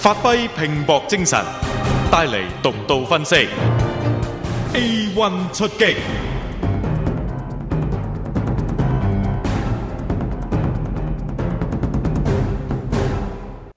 發揮拼搏精神，帶嚟獨到分析。A1 出擊，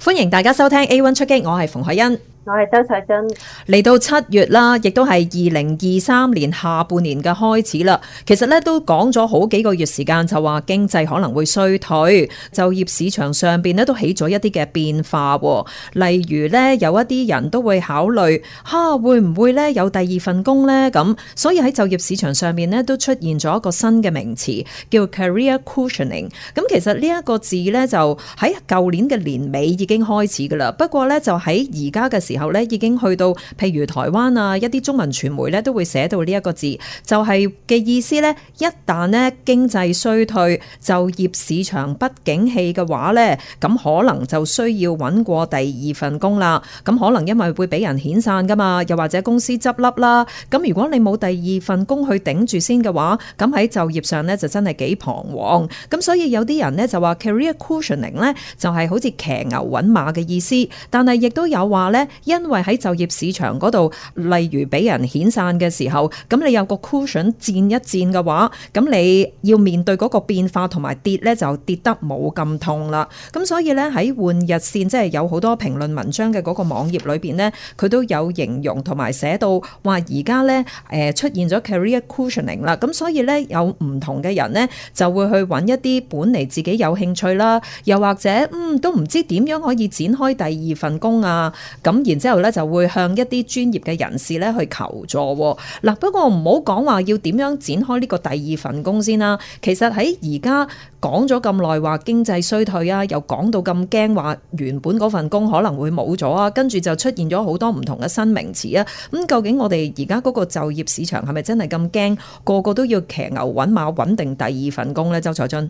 歡迎大家收聽 A1 出擊，我係馮凱欣。我係周采蓁。嚟到七月啦，亦都係二零二三年下半年嘅開始啦。其實咧都講咗好幾個月時間，就話經濟可能會衰退，就業市場上邊咧都起咗一啲嘅變化，哦。例如咧，有一啲人都會考慮，吓，啊，會唔會咧有第二份工咧？咁所以喺就業市場上面咧都出現咗一個新嘅名詞，叫 career cushioning，嗯。咁其實呢一個字咧就喺舊年嘅年尾已經開始噶啦。不過咧就喺而家嘅時，然後咧已經去到，譬如台灣啊，一啲中文傳媒咧都會寫到呢一個字，就係、是、嘅意思呢：「一旦咧經濟衰退、就業市場不景氣嘅話呢，咁可能就需要揾過第二份工啦。咁可能因為會俾人遣散噶嘛，又或者公司執笠啦。咁如果你冇第二份工去頂住先嘅話，咁喺就業上呢就真係幾彷徨。咁所以有啲人呢就話 career cushioning 呢就係、是、好似騎牛揾馬嘅意思，但係亦都有話呢。因為喺就業市場嗰度，例如俾人遣散嘅時候，咁你有個 cushion 墊一墊嘅話，咁你要面對嗰個變化同埋跌呢，就跌得冇咁痛啦。咁所以呢，喺換日線，即係有好多評論文章嘅嗰個網頁裏邊呢，佢都有形容同埋寫到話而家呢，誒、呃、出現咗 career cushioning 啦。咁所以呢，有唔同嘅人呢，就會去揾一啲本嚟自己有興趣啦，又或者嗯都唔知點樣可以展開第二份工啊咁。然之後咧，就會向一啲專業嘅人士咧去求助。嗱，不過唔好講話要點樣展開呢個第二份工先啦。其實喺而家講咗咁耐話經濟衰退啊，又講到咁驚話原本嗰份工可能會冇咗啊，跟住就出現咗好多唔同嘅新名詞啊。咁究竟我哋而家嗰個就業市場係咪真係咁驚？個個都要騎牛揾馬揾定第二份工呢？周采蓁。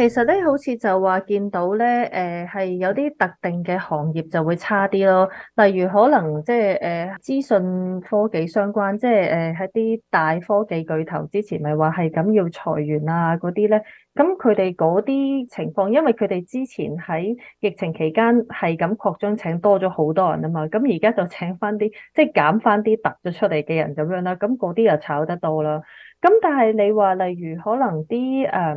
其實咧，好似就話見到咧，誒、呃、係有啲特定嘅行業就會差啲咯。例如可能即係誒資訊科技相關，即係誒喺啲大科技巨頭之前咪話係咁要裁員啊嗰啲咧。咁佢哋嗰啲情況，因為佢哋之前喺疫情期間係咁擴張請多咗好多人啊嘛。咁而家就請翻啲即係減翻啲突咗出嚟嘅人咁樣啦。咁嗰啲又炒得多啦。咁但係你話例如可能啲誒、呃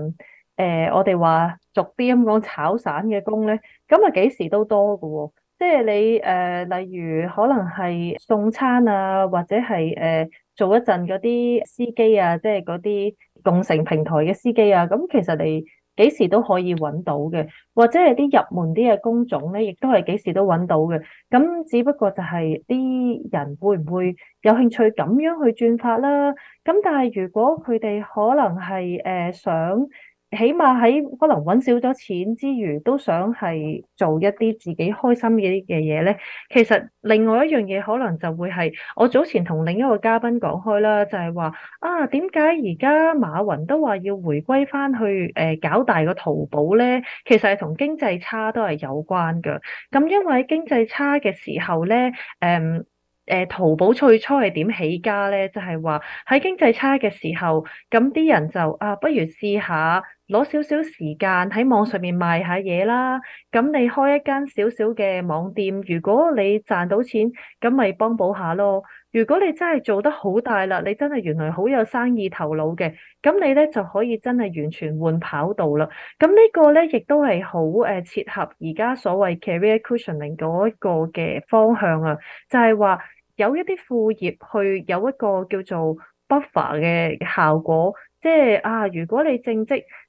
誒、呃，我哋話逐啲咁講炒散嘅工咧，咁啊幾時都多嘅。哦，即係你誒、呃，例如可能係送餐啊，或者係誒、呃、做一陣嗰啲司機啊，即係嗰啲共乘平台嘅司機啊，咁其實你幾時都可以揾到嘅，或者係啲入門啲嘅工種咧，亦都係幾時都揾到嘅，咁只不過就係啲人會唔會有興趣咁樣去轉發啦？咁但係如果佢哋可能係誒、呃、想，起碼喺可能揾少咗錢之餘，都想係做一啲自己開心嘅嘅嘢咧。其實另外一樣嘢可能就會係我早前同另一個嘉賓講開啦，就係、是、話啊，點解而家馬雲都話要回歸返去誒、呃、搞大個淘寶咧？其實係同經濟差都係有關㗎。咁因為喺經濟差嘅時候咧，誒、嗯、誒、呃、淘寶最初係點起家咧？就係話喺經濟差嘅時候，咁啲人就啊，不如試下。攞少少時間喺網上面賣下嘢啦，咁你開一間少少嘅網店，如果你賺到錢，咁咪幫補下咯。如果你真係做得好大啦，你真係原來好有生意頭腦嘅，咁你咧就可以真係完全換跑道啦。咁呢個咧亦都係好誒，切合而家所謂 career cushioning 嗰一個嘅方向啊，就係話有一啲副業去有一個叫做 buffer 嘅效果，即係啊，如果你正職。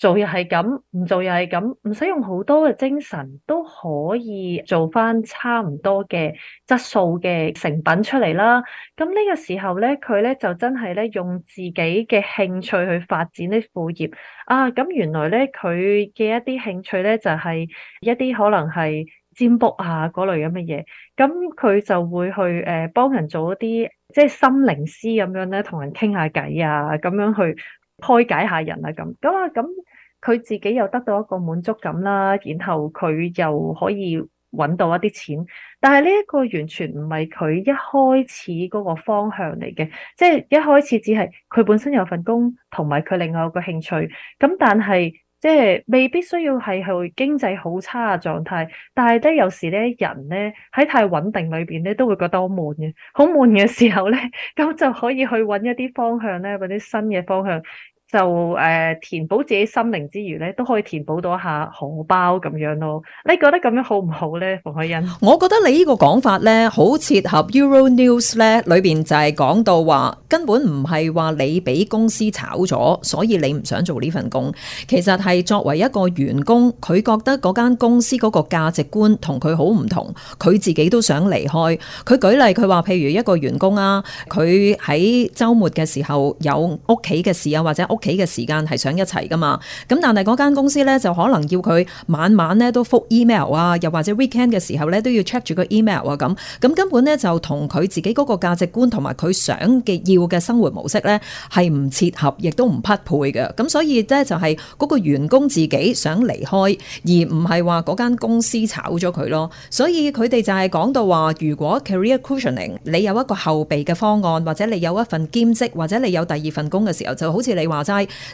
做又係咁，唔做又係咁，唔使用好多嘅精神都可以做翻差唔多嘅質素嘅成品出嚟啦。咁呢個時候咧，佢咧就真係咧用自己嘅興趣去發展啲副業啊。咁原來咧佢嘅一啲興趣咧就係一啲可能係占卜啊嗰類咁嘅嘢。咁佢就會去誒幫人做一啲即係心靈師咁樣咧，同人傾下偈啊，咁樣去開解下人啊咁。咁啊咁。佢自己又得到一個滿足感啦，然後佢又可以揾到一啲錢，但係呢一個完全唔係佢一開始嗰個方向嚟嘅，即係一開始只係佢本身有份工同埋佢另外一個興趣，咁但係即係未必需要係去經濟好差嘅狀態，但係咧有時咧人咧喺太穩定裏邊咧都會覺得好悶嘅，好悶嘅時候咧，咁就可以去揾一啲方向咧嗰啲新嘅方向。就誒填補自己心靈之餘咧，都可以填補到一下荷包咁樣咯。你覺得咁樣好唔好咧，馮凱欣？我覺得你呢個講法咧，好切合 Euro News 咧裏邊就係講到話，根本唔係話你俾公司炒咗，所以你唔想做呢份工。其實係作為一個員工，佢覺得間公司嗰個價值觀同佢好唔同，佢自己都想離開。佢舉例佢話譬如一個員工啊，佢喺週末嘅時候有屋企嘅事啊，或者屋。企嘅時間係想一齊噶嘛？咁但係嗰間公司咧就可能要佢晚晚咧都覆 email 啊，又或者 weekend 嘅時候咧都要 check 住個 email 啊咁，咁根本咧就同佢自己嗰個價值觀同埋佢想嘅要嘅生活模式咧係唔切合，亦都唔匹配嘅。咁所以咧就係嗰個員工自己想離開，而唔係話嗰間公司炒咗佢咯。所以佢哋就係講到話，如果 career cushioning 你有一個後備嘅方案，或者你有一份兼職，或者你有第二份工嘅時候，就好似你話。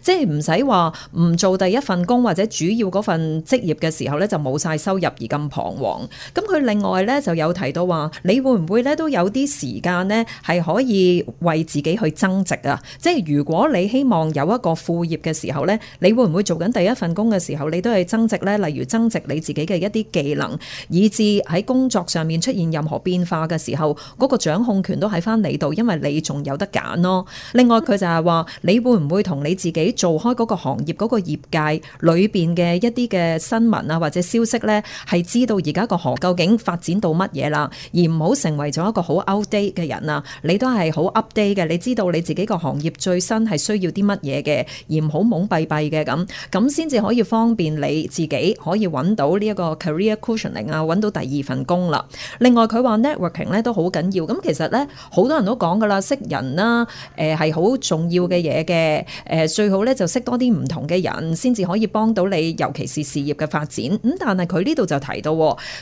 即係唔使話唔做第一份工或者主要嗰份職業嘅時候咧，就冇晒收入而咁彷徨。咁佢另外咧就有提到話，你會唔會咧都有啲時間咧係可以為自己去增值啊？即係如果你希望有一個副業嘅時候咧，你會唔會做緊第一份工嘅時候，你都係增值咧？例如增值你自己嘅一啲技能，以至喺工作上面出現任何變化嘅時候，嗰個掌控權都喺翻你度，因為你仲有得揀咯。另外佢就係話，你會唔會同？你自己做開嗰個行業嗰個業界裏邊嘅一啲嘅新聞啊或者消息呢，係知道而家個行究竟發展到乜嘢啦，而唔好成為咗一個好 outdate 嘅人啊，你都係好 update 嘅，你知道你自己個行業最新係需要啲乜嘢嘅，而唔好懵閉閉嘅咁，咁先至可以方便你自己可以揾到呢一個 career coaching 啊，揾到第二份工啦。另外佢話 networking 呢都好緊要，咁其實呢，好多人都講噶啦，識人啦、啊，誒係好重要嘅嘢嘅，呃誒最好咧就識多啲唔同嘅人，先至可以幫到你，尤其是事業嘅發展。咁、嗯、但係佢呢度就提到，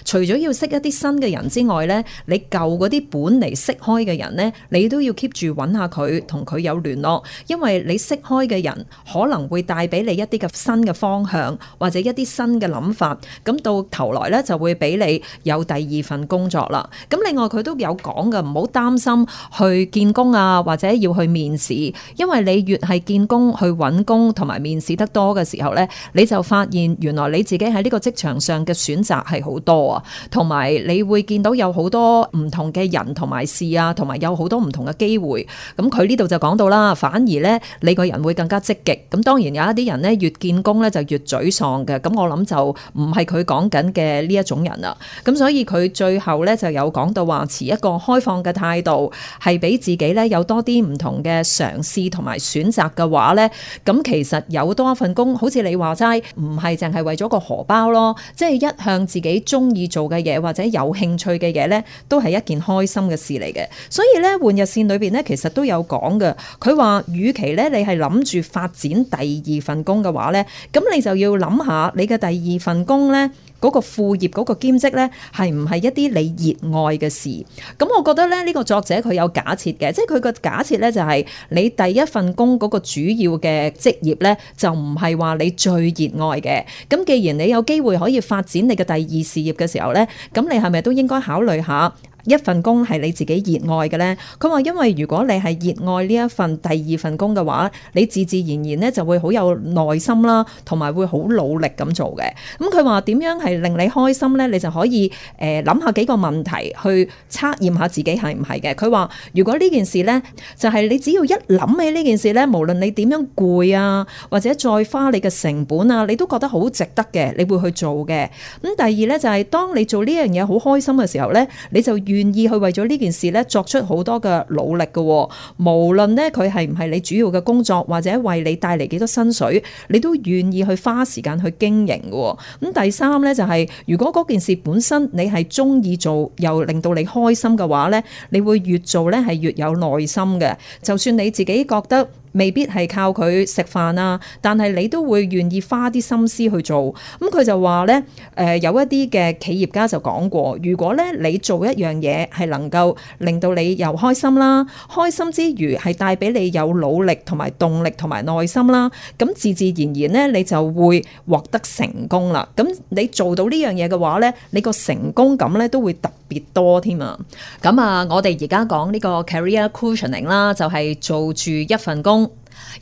除咗要識一啲新嘅人之外呢，你舊嗰啲本嚟識開嘅人呢，你都要 keep 住揾下佢，同佢有聯絡，因為你識開嘅人可能會帶俾你一啲嘅新嘅方向，或者一啲新嘅諗法。咁到頭來呢，就會俾你有第二份工作啦。咁另外佢都有講嘅，唔好擔心去見工啊，或者要去面試，因為你越係見工。去工去揾工同埋面試得多嘅時候咧，你就發現原來你自己喺呢個職場上嘅選擇係好多啊，同埋你會見到有好多唔同嘅人同埋事啊，同埋有好多唔同嘅機會。咁佢呢度就講到啦，反而咧你個人會更加積極。咁當然有一啲人咧越見工咧就越沮喪嘅。咁我諗就唔係佢講緊嘅呢一種人啦。咁所以佢最後咧就有講到話，持一個開放嘅態度，係俾自己咧有多啲唔同嘅嘗試同埋選擇嘅話。話咧，咁其實有多一份工，好似你話齋，唔係淨係為咗個荷包咯，即係一向自己中意做嘅嘢或者有興趣嘅嘢咧，都係一件開心嘅事嚟嘅。所以咧，換日線裏邊咧，其實都有講嘅。佢話，與其咧你係諗住發展第二份工嘅話咧，咁你就要諗下你嘅第二份工咧。嗰個副業嗰個兼職呢，係唔係一啲你熱愛嘅事？咁我覺得咧，呢個作者佢有假設嘅，即係佢個假設呢，就係你第一份工嗰個主要嘅職業呢，就唔係話你最熱愛嘅。咁既然你有機會可以發展你嘅第二事業嘅時候呢，咁你係咪都應該考慮下？一份工係你自己熱愛嘅咧，佢話因為如果你係熱愛呢一份第二份工嘅話，你自自然然咧就會好有耐心啦，同埋會好努力咁做嘅。咁佢話點樣係令你開心咧？你就可以誒諗、呃、下幾個問題去測驗下自己係唔係嘅。佢話如果呢件事咧就係、是、你只要一諗起呢件事咧，無論你點樣攰啊，或者再花你嘅成本啊，你都覺得好值得嘅，你會去做嘅。咁、嗯、第二咧就係、是、當你做呢樣嘢好開心嘅時候咧，你就越願意去為咗呢件事咧作出好多嘅努力㗎喎，無論呢，佢係唔係你主要嘅工作，或者為你帶嚟幾多薪水，你都願意去花時間去經營㗎喎。咁第三呢，就係，如果嗰件事本身你係中意做，又令到你開心嘅話呢，你會越做呢係越有耐心嘅。就算你自己覺得，未必係靠佢食飯啊，但係你都會願意花啲心思去做。咁佢就話咧，誒、呃、有一啲嘅企業家就講過，如果咧你做一樣嘢係能夠令到你又開心啦，開心之餘係帶俾你有努力同埋動力同埋耐心啦，咁自自然然咧你就會獲得成功啦。咁你做到呢樣嘢嘅話咧，你個成功感咧都會特別多添啊。咁啊，我哋而家講呢個 career cushioning 啦，就係做住一份工。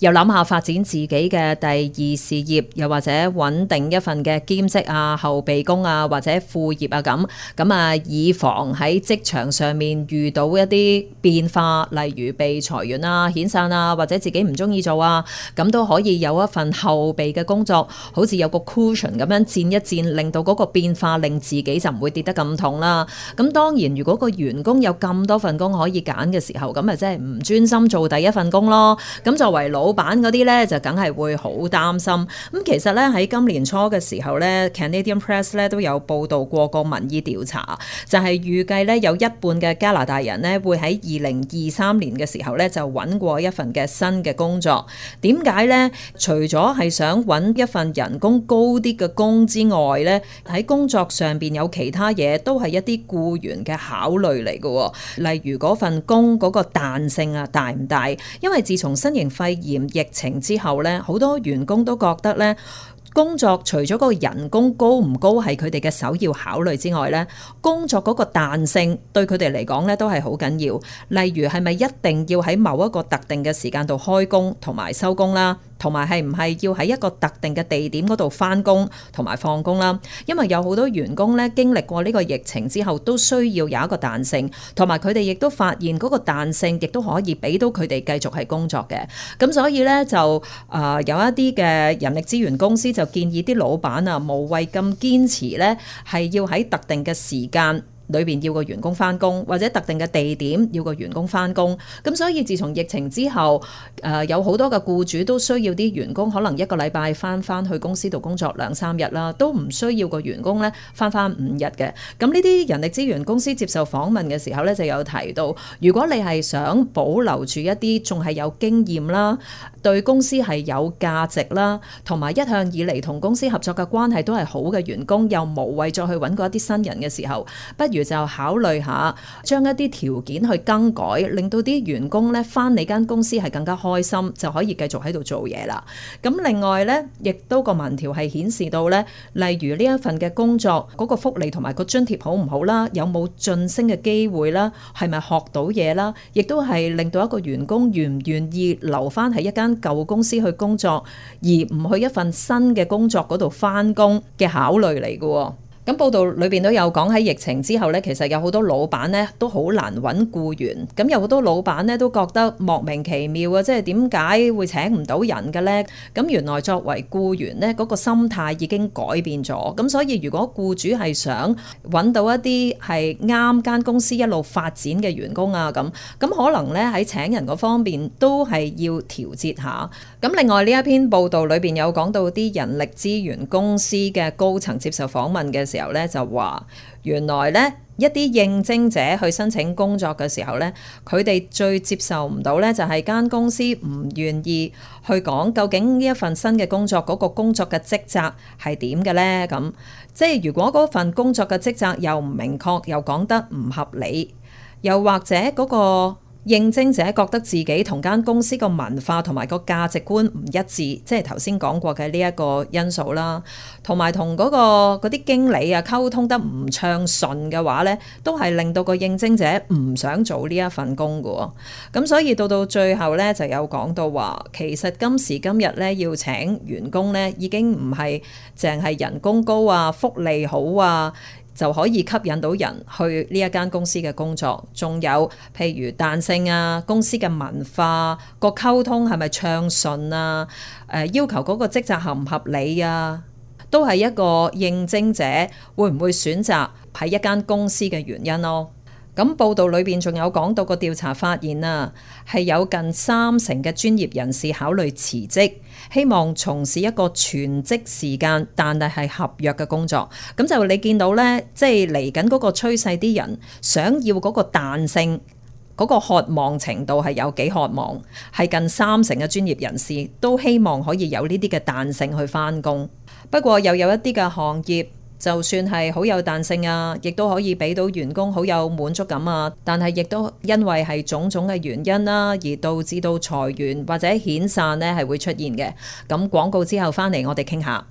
又諗下發展自己嘅第二事業，又或者穩定一份嘅兼職啊、後備工啊，或者副業啊咁，咁啊以防喺職場上面遇到一啲變化，例如被裁員啊、遣散啊，或者自己唔中意做啊，咁都可以有一份後備嘅工作，好似有個 cushion 咁樣墊一墊，令到嗰個變化令自己就唔會跌得咁痛啦。咁、啊、當然，如果個員工有咁多份工可以揀嘅時候，咁咪即係唔專心做第一份工咯。咁、啊、作為老老闆嗰啲咧就梗係會好擔心。咁其實咧喺今年初嘅時候咧，Canadian Press 咧都有報道過個民意調查，就係預計咧有一半嘅加拿大人咧會喺二零二三年嘅時候咧就揾過一份嘅新嘅工作。點解咧？除咗係想揾一份人工高啲嘅工之外咧，喺工作上邊有其他嘢都係一啲僱員嘅考慮嚟嘅。例如份工嗰個彈性啊大唔大？因為自從新型肺炎，.疫情之後咧，好多員工都覺得咧，工作除咗嗰個人工高唔高係佢哋嘅首要考慮之外咧，工作嗰個彈性對佢哋嚟講咧都係好緊要。例如係咪一定要喺某一個特定嘅時間度開工同埋收工啦？同埋係唔係要喺一個特定嘅地點嗰度返工同埋放工啦？因為有好多員工咧經歷過呢個疫情之後，都需要有一個彈性，同埋佢哋亦都發現嗰個彈性亦都可以俾到佢哋繼續係工作嘅。咁所以咧就誒、呃、有一啲嘅人力資源公司就建議啲老闆啊，無謂咁堅持咧係要喺特定嘅時間。裏邊要個員工翻工，或者特定嘅地點要個員工翻工，咁所以自從疫情之後，誒、呃、有好多嘅僱主都需要啲員工，可能一個禮拜翻翻去公司度工作兩三日啦，都唔需要個員工咧翻翻五日嘅。咁呢啲人力資源公司接受訪問嘅時候咧，就有提到，如果你係想保留住一啲仲係有經驗啦。對公司係有價值啦，同埋一向以嚟同公司合作嘅關係都係好嘅員工，又無謂再去揾過一啲新人嘅時候，不如就考慮下將一啲條件去更改，令到啲員工咧翻你間公司係更加開心，就可以繼續喺度做嘢啦。咁另外呢，亦都個民調係顯示到呢，例如呢一份嘅工作嗰個福利同埋個津貼好唔好啦，有冇晉升嘅機會啦，係咪學到嘢啦，亦都係令到一個員工願唔願意留翻喺一間舊公司去工作，而唔去一份新嘅工作度返工嘅考慮嚟嘅。咁報道裏邊都有講喺疫情之後呢，其實有好多老闆呢都好難揾僱員，咁有好多老闆呢都覺得莫名其妙啊，即係點解會請唔到人嘅呢？咁原來作為僱員呢，嗰個心態已經改變咗，咁所以如果僱主係想揾到一啲係啱間公司一路發展嘅員工啊，咁咁可能呢喺請人嗰方面都係要調節下。咁另外呢一篇報道裏邊有講到啲人力資源公司嘅高層接受訪問嘅。時候咧，就話，原來咧一啲應徵者去申請工作嘅時候咧，佢哋最接受唔到咧就係間公司唔願意去講究竟呢一份新嘅工作嗰、那個工作嘅職責係點嘅咧。咁即係如果嗰份工作嘅職責又唔明確，又講得唔合理，又或者嗰、那個。應徵者覺得自己同間公司個文化同埋個價值觀唔一致，即係頭先講過嘅呢一個因素啦，同埋同嗰個啲經理啊溝通得唔暢順嘅話，呢都係令到個應徵者唔想做呢一份工㗎喎。咁所以到到最後呢，就有講到話，其實今時今日呢，要請員工呢已經唔係淨係人工高啊、福利好啊。就可以吸引到人去呢一間公司嘅工作，仲有譬如彈性啊，公司嘅文化個溝通係咪暢順啊，呃，要求嗰個職責合唔合理啊，都係一個應徵者會唔會選擇喺一間公司嘅原因咯。咁報道裏邊仲有講到個調查發現啊，係有近三成嘅專業人士考慮辭職，希望從事一個全職時間但係係合約嘅工作。咁就你見到呢，即係嚟緊嗰個趨勢，啲人想要嗰個彈性，嗰個渴望程度係有幾渴望，係近三成嘅專業人士都希望可以有呢啲嘅彈性去翻工。不過又有一啲嘅行業。就算係好有彈性啊，亦都可以俾到員工好有滿足感啊。但係亦都因為係種種嘅原因啦、啊，而導致到裁員或者遣散呢係會出現嘅。咁廣告之後翻嚟，我哋傾下。